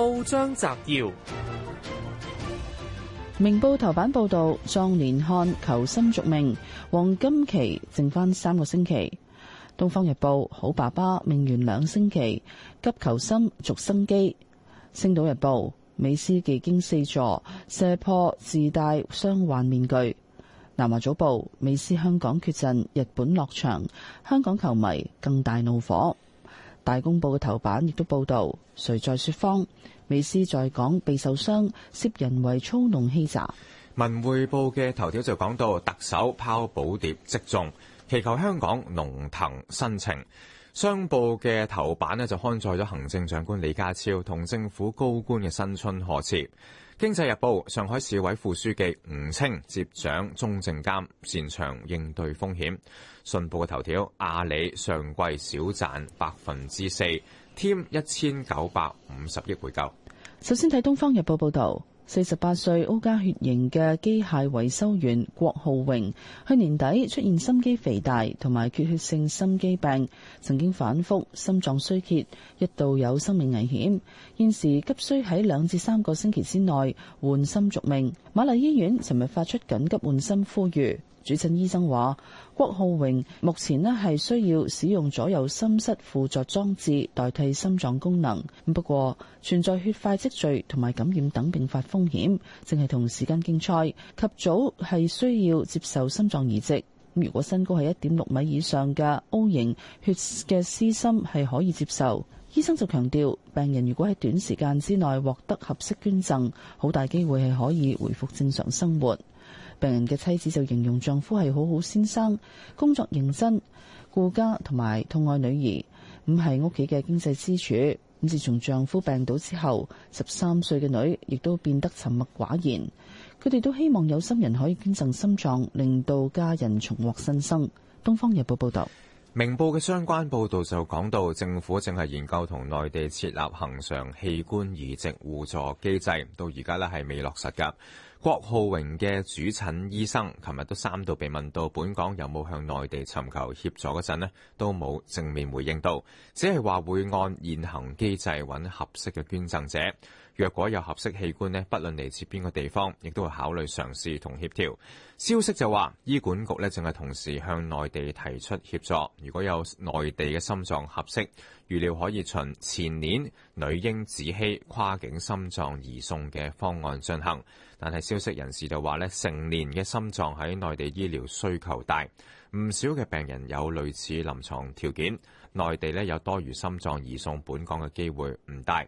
報章摘要：明報頭版報道，壯年漢求心續命，黃金期剩返三個星期。東方日報，好爸爸命懸兩星期，急求心續生機。星島日報，美斯技驚四座，射破自帶傷患面具。南華早報，美斯香港缺陣，日本落場，香港球迷更大怒火。大公報嘅頭版亦都報導，誰在説謊？美斯在港被受傷，涉人為操弄欺詐。文匯報嘅頭條就講到特首拋寶牒即中，祈求香港龍騰新程。商報嘅頭版咧就刊載咗行政長官李家超同政府高官嘅新春賀詞。經濟日報，上海市委副書記吳清接掌中證監，擅長應對風險。信報嘅頭條，阿里上季少賺百分之四，添一千九百五十億回購。首先睇東方日報報道。四十八歲歐加血型嘅機械維修員郭浩榮，去年底出現心肌肥大同埋缺血性心肌病，曾經反覆心臟衰竭，一度有生命危險。現時急需喺兩至三個星期之內換心續命。瑪麗醫院尋日發出緊急換心呼籲。主診醫生話：郭浩榮目前咧係需要使用左右心室輔助裝置代替心臟功能，不過存在血塊積聚同埋感染等併發風險，正係同時間競賽，及早係需要接受心臟移植。如果身高係一點六米以上嘅 O 型血嘅私心係可以接受。醫生就強調，病人如果喺短時間之內獲得合適捐贈，好大機會係可以回復正常生活。病人嘅妻子就形容丈夫係好好先生，工作認真、顧家同埋痛愛女兒，唔係屋企嘅經濟支柱。咁自從丈夫病倒之後，十三歲嘅女亦都變得沉默寡言。佢哋都希望有心人可以捐贈心臟，令到家人重獲新生。東方日報報道，明報嘅相關報道就講到，政府正係研究同內地設立恆常器官移植互助機制，到而家咧，係未落實噶。郭浩榮嘅主診醫生，琴日都三度被問到本港有冇向內地尋求協助嗰陣咧，都冇正面回應到，只係話會按現行機制揾合適嘅捐贈者。若果有合適器官呢，不論嚟自邊個地方，亦都會考慮嘗試同協調。消息就話醫管局咧正係同時向內地提出協助，如果有內地嘅心臟合適。預料可以循前年女嬰芷希跨境心臟移送嘅方案進行，但係消息人士就話咧，成年嘅心臟喺內地醫療需求大，唔少嘅病人有類似臨床條件，內地咧，有多餘心臟移送本港嘅機會唔大。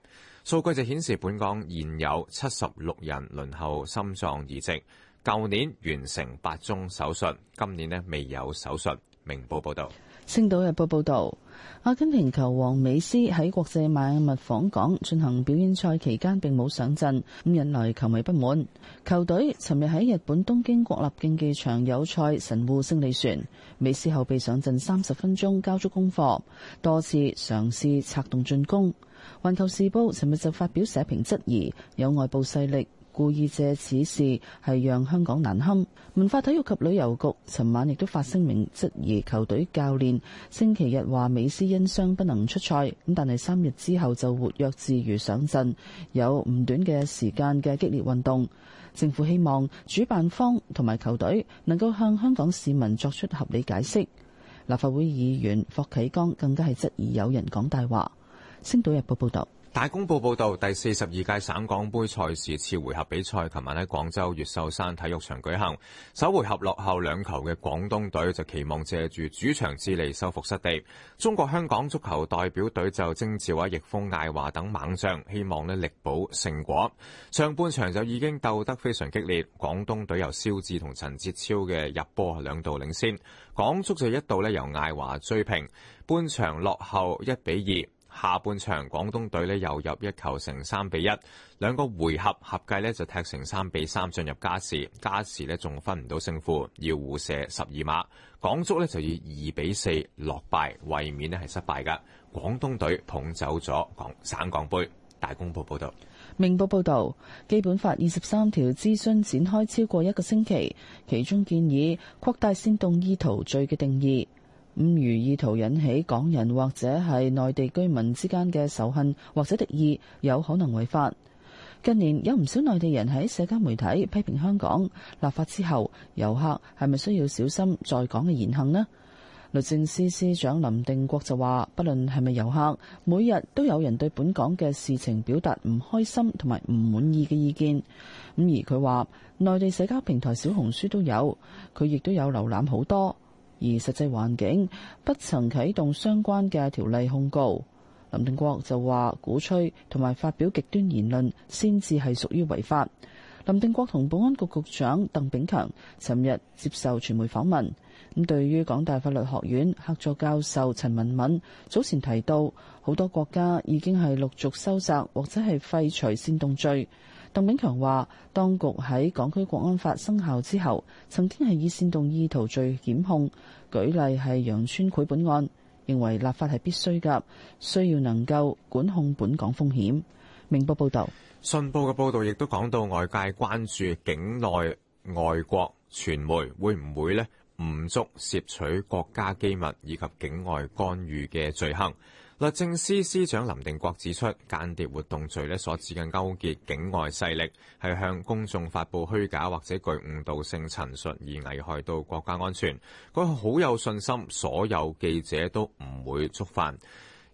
數據就顯示本港現有七十六人輪候心臟移植，舊年完成八宗手術，今年咧未有手術。明報報道。《星島日報》報導，阿根廷球王美斯喺國際邁阿密訪港進行表演賽期間並冇上陣，咁引來球迷不滿。球隊尋日喺日本東京國立競技場友賽神戶勝利船，美斯後備上陣三十分鐘，交足功課，多次嘗試策動進攻。《環球時報》尋日就發表社評質疑有外部勢力。故意借此事係讓香港難堪。文化體育及旅遊局尋晚亦都發聲明質疑球隊教練星期日話美斯因傷不能出賽，咁但係三日之後就活躍自如上陣，有唔短嘅時間嘅激烈運動，政府希望主辦方同埋球隊能夠向香港市民作出合理解釋。立法會議員霍啟剛更加係質疑有人講大話，星島日報報道。大公報報導，第四十二屆省港杯賽事次回合比賽，琴晚喺廣州越秀山體育場舉行。首回合落後兩球嘅廣東隊就期望借住主場之利收復失地。中國香港足球代表隊就徵召阿易峰、艾華等猛將，希望咧力保勝果。上半場就已經鬥得非常激烈，廣東隊由肖智同陳哲超嘅入波兩度領先，港足就一度咧由艾華追平，半場落後一比二。下半場，廣東隊咧又入一球，成三比一。兩個回合合計咧就踢成三比三，進入加時。加時咧仲分唔到勝負，要互射十二碼。港足咧就以二比四落敗，衛冕咧係失敗噶。廣東隊捧走咗廣省港杯。大公報報道：「明報報道，《基本法》二十三條諮詢展開超過一個星期，其中建議擴大煽動意圖罪嘅定義。五如意圖引起港人或者係內地居民之間嘅仇恨或者敵意，有可能違法。近年有唔少內地人喺社交媒體批評香港立法之後，遊客係咪需要小心在港嘅言行呢？律政司司長林定國就話，不論係咪遊客，每日都有人對本港嘅事情表達唔開心同埋唔滿意嘅意見。咁而佢話，內地社交平台小紅書都有，佢亦都有瀏覽好多。而實際環境不曾啟動相關嘅條例控告。林定國就話鼓吹同埋發表極端言論，先至係屬於違法。林定國同保安局局長鄧炳強尋日接受傳媒訪問，咁對於港大法律學院客座教授陳文敏早前提到，好多國家已經係陸續收窄或者係廢除煽動罪。鄧炳強話：當局喺港區國安法生效之後，曾經係以煽動意圖罪檢控，舉例係羊村繪本案，認為立法係必須噶需要能夠管控本港風險。明報報道，信報嘅報道亦都講到外界關注境內外國傳媒會唔會咧唔足攝取國家機密，以及境外干預嘅罪行。律政司司長林定國指出，間諜活動罪所指嘅勾結境外勢力，係向公眾發布虛假或者具誤導性陳述而危害到國家安全。佢好有信心，所有記者都唔會觸犯，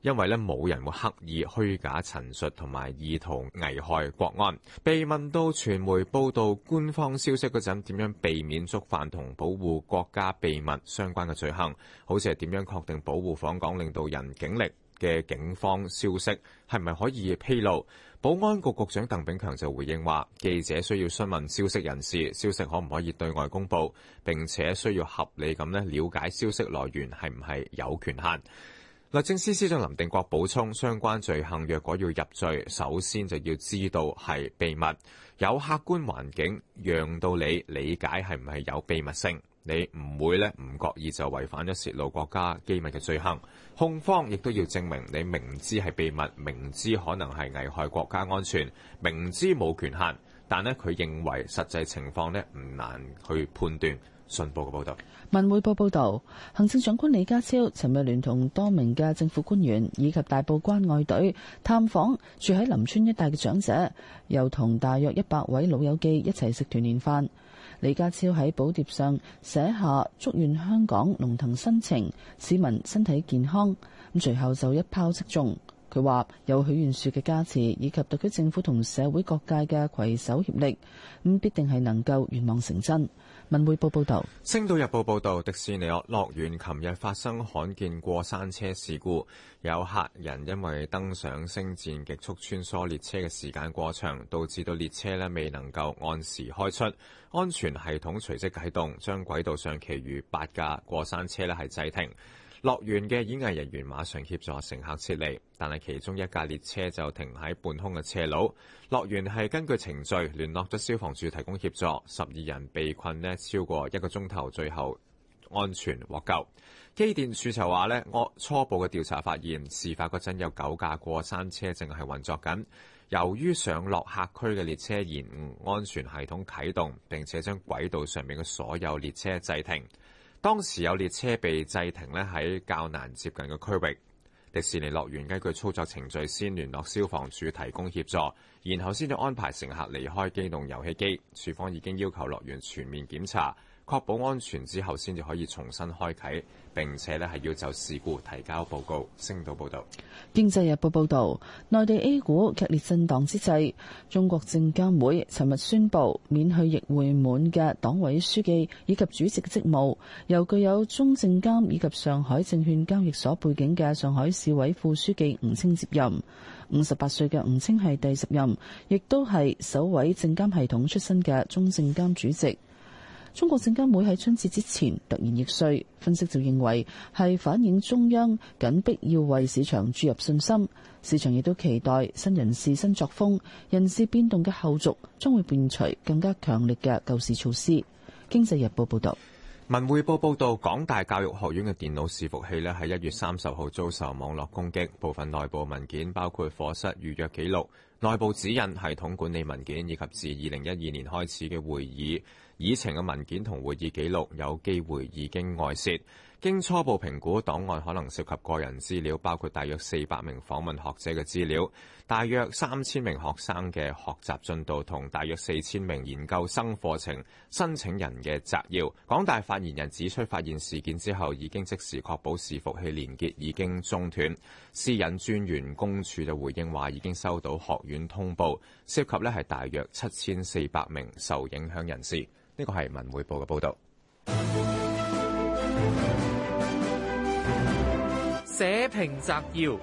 因為咧冇人會刻意虛假陳述同埋意圖危害國安。被問到傳媒報道官方消息嗰陣點樣避免觸犯同保護國家秘密相關嘅罪行，好似係點樣確定保護訪港領導人警力？嘅警方消息係唔係可以披露？保安局局長鄧炳強就回應話：記者需要詢問消息人士，消息可唔可以對外公布，並且需要合理咁咧了解消息來源係唔係有權限。律政司司長林定國補充：相關罪行若果要入罪，首先就要知道係秘密，有客觀環境讓到你理解係唔係有秘密性。你唔會咧唔覺意就違反咗泄露國家機密嘅罪行，控方亦都要證明你明知係秘密，明知可能係危害國家安全，明知冇權限，但呢，佢認為實際情況呢唔難去判斷。信報嘅報導。文匯報報道，行政長官李家超尋日聯同多名嘅政府官員以及大埔關愛隊探訪住喺林村一帶嘅長者，又同大約一百位老友記一齊食團年飯。李家超喺寶牒上寫下祝願香港龍騰新程，市民身體健康。咁隨後就一拋即中。佢話有許願樹嘅加持，以及特區政府同社會各界嘅攜手協力，咁必定係能夠願望成真。文匯報報導，《星島日報》報道：「迪士尼樂園琴日發生罕見過山車事故，有客人因為登上星戰極速穿梭列車嘅時間過長，導致到列車咧未能夠按時開出，安全系統隨即啟動，將軌道上其餘八架過山車咧係制停。樂園嘅演藝人員馬上協助乘客撤離，但係其中一架列車就停喺半空嘅斜路。樂園係根據程序聯絡咗消防處提供協助，十二人被困超過一個鐘頭，最後安全獲救。機電署就話我初步嘅調查發現，事發嗰陣有九架過山車正係運作緊。由於上落客區嘅列車延誤，安全系統啟動，並且將軌道上面嘅所有列車制停。當時有列車被制停咧，喺較難接近嘅區域，迪士尼樂園根據操作程序先聯絡消防處提供協助，然後先至安排乘客離開機動遊戲機。處方已經要求樂園全面檢查。確保安全之後，先至可以重新開啟，並且咧，係要就事故提交報告。星島報道。《經濟日報》報道，內地 A 股，劇烈震盪之際，中國證監會尋日宣布免去易會滿嘅黨委書記以及主席嘅職務，由具有中證監以及上海證券交易所背景嘅上海市委副書記吳清接任。五十八歲嘅吳清係第十任，亦都係首位證監系統出身嘅中證監主席。中國證監會喺春節之前突然易帥，分析就認為係反映中央緊迫要為市場注入信心。市場亦都期待新人事、新作風，人事變動嘅後續將會伴隨更加強力嘅救市措施。經濟日報報道：「文匯報報道，港大教育學院嘅電腦伺服器咧喺一月三十號遭受網絡攻擊，部分內部文件包括課室預約記錄。內部指引、系統管理文件以及自二零一二年開始嘅會議議程嘅文件同會議記錄，有機會已經外泄。經初步評估，檔案可能涉及個人資料，包括大約四百名訪問學者嘅資料、大約三千名學生嘅學習進度同大約四千名研究生課程申請人嘅摘要。港大發言人指出，發現事件之後已經即時確保伺服器連結已經中斷。私隱專員公署就回應話，已經收到學院。通報涉及咧係大約七千四百名受影響人士。呢個係文匯報嘅報道。社評摘要：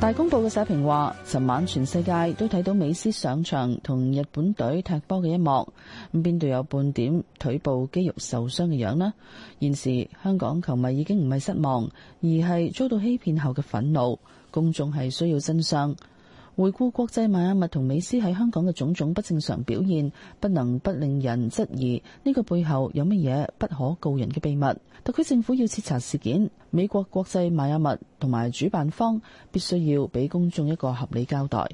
大公報嘅社評話，尋晚全世界都睇到美斯上場同日本隊踢波嘅一幕，咁邊度有半點腿部肌肉受傷嘅樣呢？現時香港球迷已經唔係失望，而係遭到欺騙後嘅憤怒。公眾係需要真相。回顧國際邁阿密同美斯喺香港嘅種種不正常表現，不能不令人質疑呢個背後有乜嘢不可告人嘅秘密。特區政府要徹查事件，美國國際邁阿密同埋主辦方必須要俾公眾一個合理交代。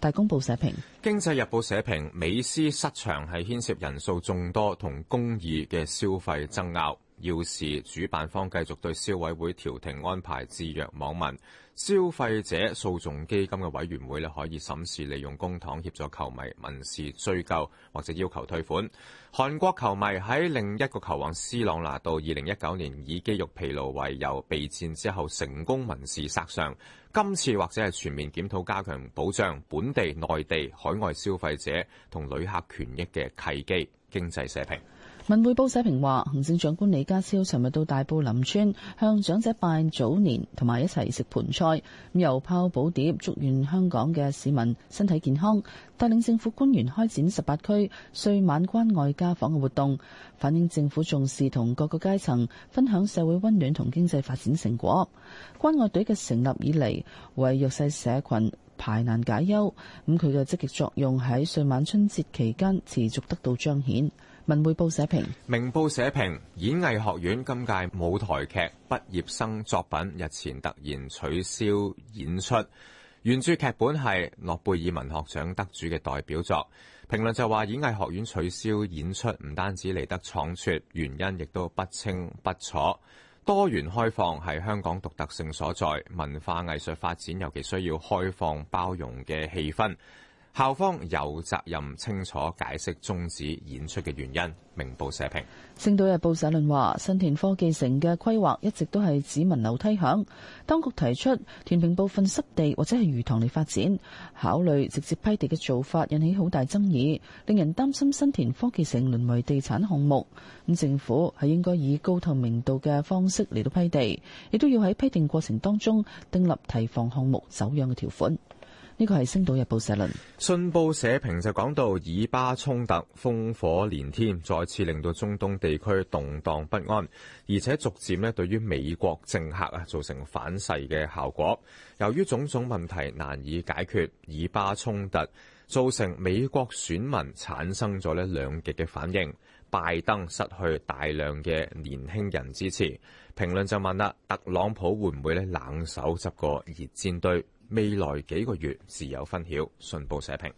大公報社評、經濟日報社評，美斯失場係牽涉人數眾多同公義嘅消費爭拗。要是主辦方繼續對消委會調停安排置若罔聞，消費者訴訟基金嘅委員會可以審視利用公帑協助球迷民事追究或者要求退款。韓國球迷喺另一個球王 C 朗拿度二零一九年以肌肉疲勞為由避戰之後成功民事索償，今次或者係全面檢討加強保障本地、內地、海外消費者同旅客權益嘅契機，經濟社評。文匯報社評話，行政長官李家超尋日到大埔林村向長者拜早年，同埋一齊食盤菜，咁又拋寶牒，祝願香港嘅市民身體健康。帶領政府官員開展十八區歲晚關愛家訪嘅活動，反映政府重視同各個階層分享社會溫暖同經濟發展成果。關愛隊嘅成立以嚟，為弱勢社群排難解憂，咁佢嘅積極作用喺歲晚春節期間持續得到彰顯。文匯報社評：明報社評，演藝學院今屆舞台劇畢業生作品日前突然取消演出，原著劇本係諾貝爾文學獎得主嘅代表作。評論就話，演藝學院取消演出唔單止嚟得倉促原因亦都不清不楚。多元開放係香港獨特性所在，文化藝術發展尤其需要開放包容嘅氣氛。校方有責任清楚解釋終止演出嘅原因。明報社評，《星島日報》社論話：新田科技城嘅規劃一直都係只聞樓梯響，當局提出填平部分濕地或者係魚塘嚟發展，考慮直接批地嘅做法引起好大爭議，令人擔心新田科技城淪為地產項目。咁政府係應該以高透明度嘅方式嚟到批地，亦都要喺批定過程當中訂立提防項目走樣嘅條款。呢個係《星島日報》社論。《信報》社評就講到以巴衝突烽火連天，再次令到中東地區動蕩不安，而且逐漸咧對於美國政客啊造成反噬嘅效果。由於種種問題難以解決，以巴衝突造成美國選民產生咗咧兩極嘅反應，拜登失去大量嘅年輕人支持。評論就問啦，特朗普會唔會咧冷手執個熱煎堆？未來幾個月自有分曉，《信報》社評。